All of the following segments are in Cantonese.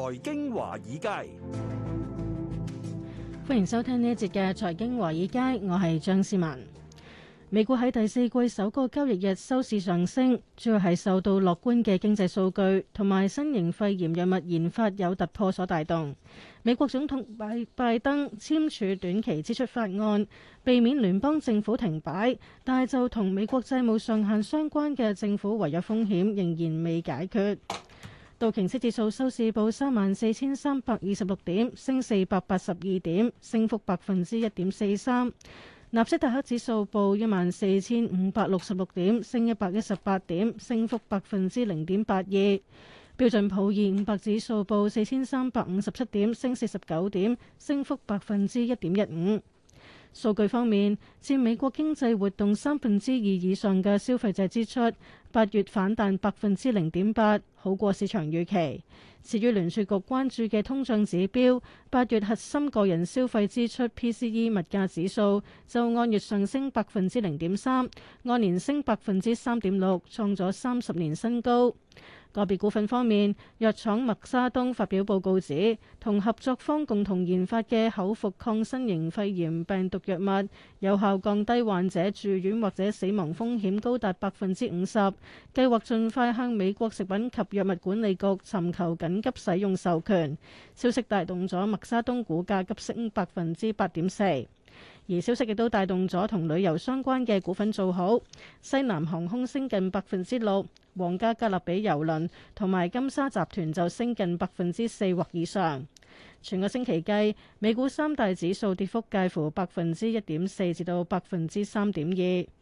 財經華爾街，歡迎收聽呢一節嘅財經華爾街，我係張思文。美國喺第四季首個交易日收市上升，主要係受到樂觀嘅經濟數據同埋新型肺炎藥物研發有突破所帶動。美國總統拜拜登簽署短期支出法案，避免聯邦政府停擺，但係就同美國債務上限相關嘅政府違約風險仍然未解決。道瓊斯指數收市報三萬四千三百二十六點，升四百八十二點，升幅百分之一點四三。納斯達克指數報一萬四千五百六十六點，升一百一十八點，升幅百分之零點八二。標準普爾五百指數報四千三百五十七點，升四十九點，升幅百分之一點一五。數據方面，佔美國經濟活動三分之二以上嘅消費者支出，八月反彈百分之零點八，好過市場預期。至於聯儲局關注嘅通脹指標，八月核心個人消費支出 （PCE） 物價指數，就按月上升百分之零點三，按年升百分之三點六，創咗三十年新高。個別股份方面，藥廠默沙東發表報告指，同合作方共同研發嘅口服抗新型肺炎病毒藥物，有效降低患者住院或者死亡風險高達百分之五十，計劃盡快向美國食品及藥物管理局尋求緊急使用授權。消息帶動咗默沙東股價急升百分之八點四。而消息亦都帶動咗同旅遊相關嘅股份做好，西南航空升近百分之六，皇家加勒比郵輪同埋金沙集團就升近百分之四或以上。全個星期計，美股三大指數跌幅介乎百分之一點四至到百分之三點二。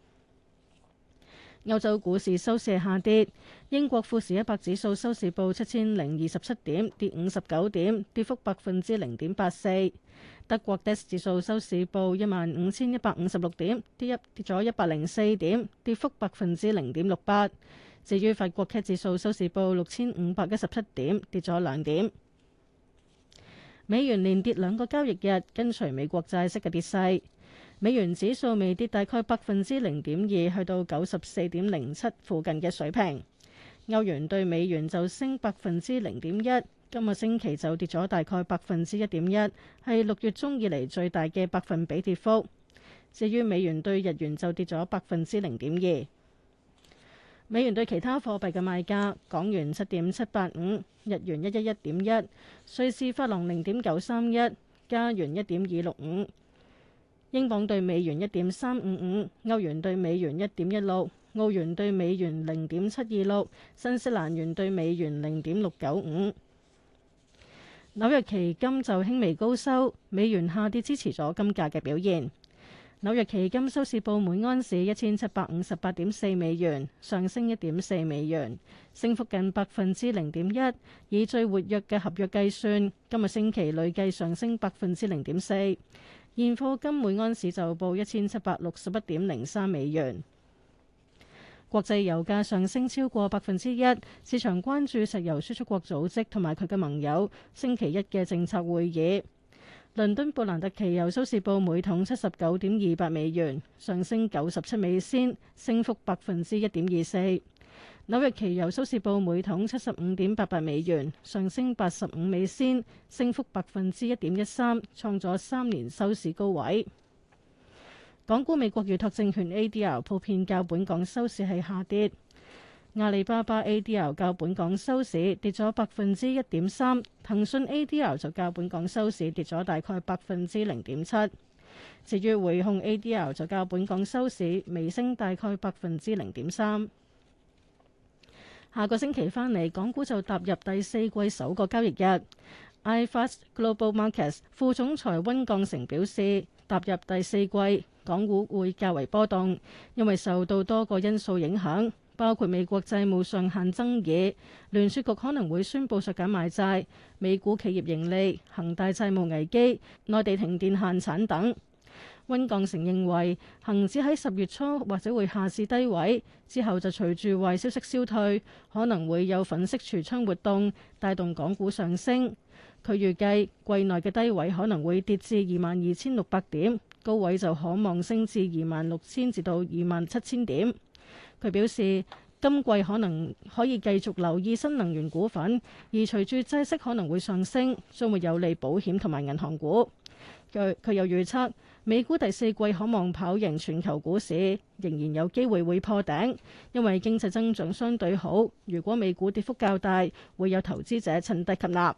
歐洲股市收市下跌，英國富時一百指數收市報七千零二十七點，跌五十九點，跌幅百分之零點八四。德國 DAX 指數收市報一萬五千一百五十六點，跌一跌咗一百零四點，跌幅百分之零點六八。至於法國 CAC 指數收市報六千五百一十七點，跌咗兩點。美元連跌兩個交易日，跟隨美國債息嘅跌勢。美元指數未跌，大概百分之零點二，去到九十四點零七附近嘅水平。歐元對美元就升百分之零點一，今個星期就跌咗大概百分之一點一，係六月中以嚟最大嘅百分比跌幅。至於美元對日元就跌咗百分之零點二。美元對其他貨幣嘅賣價：港元七點七八五，日元一一一點一，瑞士法郎零點九三一，加元一點二六五。英鎊兌美元一點三五五，歐元兌美元一點一六，澳元兌美元零點七二六，新西蘭元兌美元零點六九五。紐約期金就輕微高收，美元下跌支持咗金價嘅表現。紐約期金收市報每安士一千七百五十八點四美元，上升一點四美元，升幅近百分之零點一。以最活躍嘅合約計算，今個星期累計上升百分之零點四。現貨金每安士就報一千七百六十一點零三美元，國際油價上升超過百分之一，市場關注石油輸出國組織同埋佢嘅盟友星期一嘅政策會議。倫敦布蘭特期油收市報每桶七十九點二八美元，上升九十七美仙，升幅百分之一點二四。紐約期油收市報每桶七十五點八八美元，上升八十五美仙，升幅百分之一點一三，創咗三年收市高位。港股美國預託證券 ADR 普遍較本港收市係下跌，阿里巴巴 ADR 較本港收市跌咗百分之一點三，騰訊 ADR 就較本港收市跌咗大概百分之零點七，至於匯控 ADR 就較本港收市微升大概百分之零點三。下個星期返嚟，港股就踏入第四季首個交易日。iFAST Global Markets 副總裁溫鋼成表示，踏入第四季，港股會較為波動，因為受到多個因素影響，包括美國債務上限爭議、聯儲局可能會宣布縮減買債、美股企業盈利、恒大債務危機、內地停電限產等。溫鋼城認為，恒指喺十月初或者會下市低位，之後就隨住壞消息消退，可能會有粉飾櫥窗活動，帶動港股上升。佢預計季內嘅低位可能會跌至二萬二千六百點，高位就可望升至二萬六千至到二萬七千點。佢表示，今季可能可以繼續留意新能源股份，而隨住債息可能會上升，將會有利保險同埋銀行股。佢佢又預測，美股第四季可望跑贏全球股市，仍然有機會會破頂，因為經濟增長相對好，如果美股跌幅較大，會有投資者趁低吸納。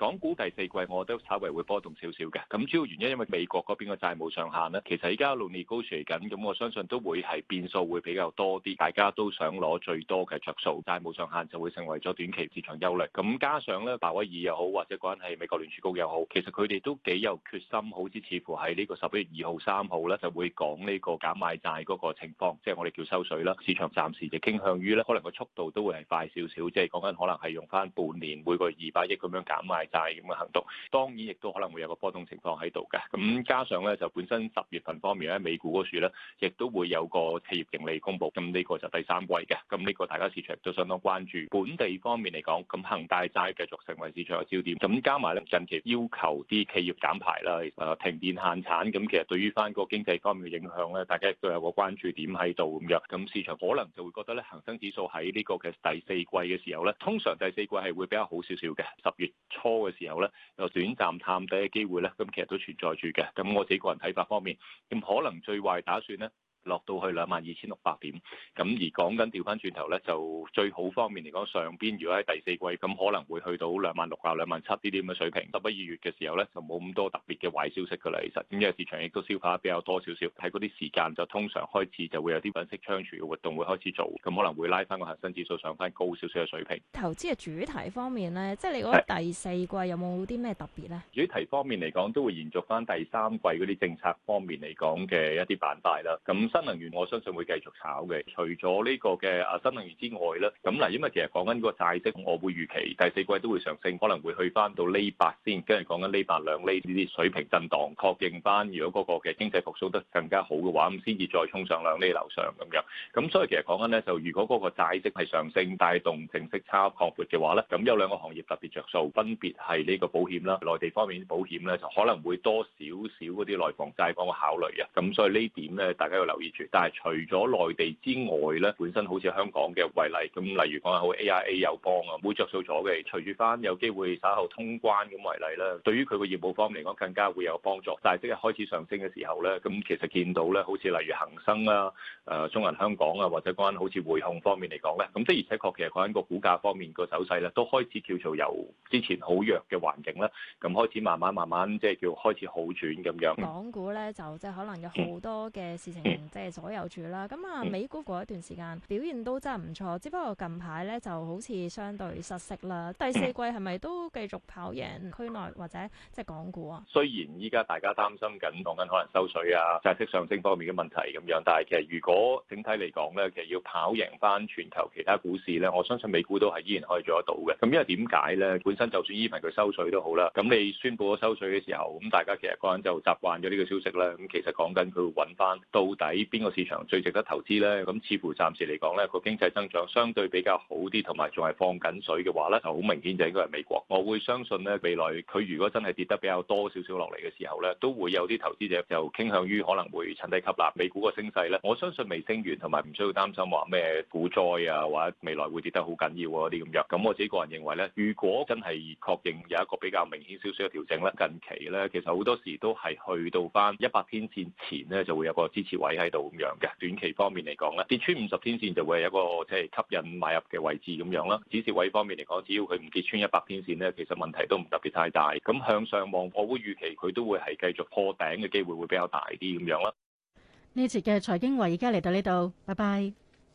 港股第四季，我都稍微會波動少少嘅。咁主要原因因為美國嗰邊個債務上限咧，其實依家一路跌高處嚟緊，咁我相信都會係變數會比較多啲。大家都想攞最多嘅着數，債務上限就會成為咗短期市場憂慮。咁加上咧，鮑威爾又好，或者講緊係美國聯儲局又好，其實佢哋都幾有決心，好似似乎喺呢個十一月二號、三號咧就會講呢個減買債嗰個情況，即係我哋叫收水啦。市場暫時就傾向於咧，可能個速度都會係快少少，即係講緊可能係用翻半年每個月二百億咁樣減買。就係咁嘅行動，當然亦都可能會有個波動情況喺度嘅。咁加上咧就本身十月份方面咧，美股嗰處咧，亦都會有個企業盈利公布。咁呢個就第三季嘅。咁呢個大家市場都相當關注。本地方面嚟講，咁恒大債繼續成為市場嘅焦點。咁加埋咧近期要求啲企業減排啦，誒停電限產。咁其實對於翻個經濟方面嘅影響咧，大家都有個關注點喺度咁樣。咁市場可能就會覺得咧，恒生指數喺呢個嘅第四季嘅時候咧，通常第四季係會比較好少少嘅十月初嘅時候咧，有短暫探底嘅機會咧，咁其實都存在住嘅。咁我自己個人睇法方面，咁可能最壞打算咧。落到去兩萬二千六百點，咁而講緊調翻轉頭咧，就最好方面嚟講，上邊如果喺第四季咁，可能會去到兩萬六啊、兩萬七呢啲咁嘅水平。十一二月嘅時候咧，就冇咁多特別嘅壞消息㗎啦，其實咁嘅市場亦都消化比較多少少，喺嗰啲時間就通常開始就會有啲粉色倉儲嘅活動會開始做，咁可能會拉翻個恆生指數上翻高少少嘅水平。投資嘅主題方面咧，即係你覺得第四季有冇啲咩特別咧？是主題方面嚟講，都會延續翻第三季嗰啲政策方面嚟講嘅一啲板塊啦，咁、嗯。嗯。新能源我相信會繼續炒嘅，除咗呢個嘅啊新能源之外咧，咁嗱，因為其實講緊個債息，我會預期第四季都會上升，可能會去翻到呢八先，跟住講緊呢八兩厘呢啲水平震蕩，確認翻如果嗰個嘅經濟復蘇得更加好嘅話，咁先至再衝上兩厘樓上咁樣。咁所以其實講緊咧，就如果嗰個債息係上升帶動淨息差擴闊嘅話咧，咁有兩個行業特別着數，分別係呢個保險啦，內地方面保險咧就可能會多少少嗰啲內房債嗰個考慮啊。咁所以呢點咧，大家要留意。但係除咗內地之外咧，本身好似香港嘅為例，咁例如講下好 AIA 又幫啊，冇着數咗嘅，隨住翻有機會稍後通關咁為例咧，對於佢個業務方面嚟講更加會有幫助。但係即係開始上升嘅時候咧，咁其實見到咧，好似例如恒生啊、誒、呃、中銀香港啊，或者講緊好似匯控方面嚟講咧，咁的而且確其實佢喺個股價方面個走勢咧，都開始叫做由之前好弱嘅環境咧，咁開始慢慢慢慢即係叫開始好轉咁樣。港股咧就即係可能有好多嘅事情、嗯。嗯即係左右住啦，咁啊美股過一段時間表現都真係唔錯，嗯、只不過近排咧就好似相對失色啦。第四季係咪都繼續跑贏區內或者即係港股啊？雖然依家大家擔心緊講緊可能收水啊、債息上升方面嘅問題咁樣，但係其實如果整體嚟講咧，其實要跑贏翻全球其他股市咧，我相信美股都係依然可以做得到嘅。咁因為點解咧？本身就算依份佢收水都好啦，咁你宣布咗收水嘅時候，咁大家其實個人就習慣咗呢個消息啦。咁其實講緊佢會揾翻到底。邊個市場最值得投資呢？咁似乎暫時嚟講，呢個經濟增長相對比較好啲，同埋仲係放緊水嘅話呢，就好明顯就應該係美國。我會相信呢，未來佢如果真係跌得比較多少少落嚟嘅時候呢，都會有啲投資者就傾向於可能會趁低吸納美股個升勢呢，我相信未升完，同埋唔需要擔心話咩股災啊，或者未來會跌得好緊要嗰啲咁樣。咁我自己個人認為呢，如果真係確認有一個比較明顯少少嘅調整呢，近期呢其實好多時都係去到翻一百天線前呢，就會有個支持位喺度咁樣嘅，短期方面嚟講咧，跌穿五十天線就會係一個即係吸引買入嘅位置咁樣啦。止蝕位方面嚟講，只要佢唔跌穿一百天線咧，其實問題都唔特別太大。咁向上望我會預期佢都會係繼續破頂嘅機會會比較大啲咁樣啦。呢節嘅財經華，而家嚟到呢度，拜拜。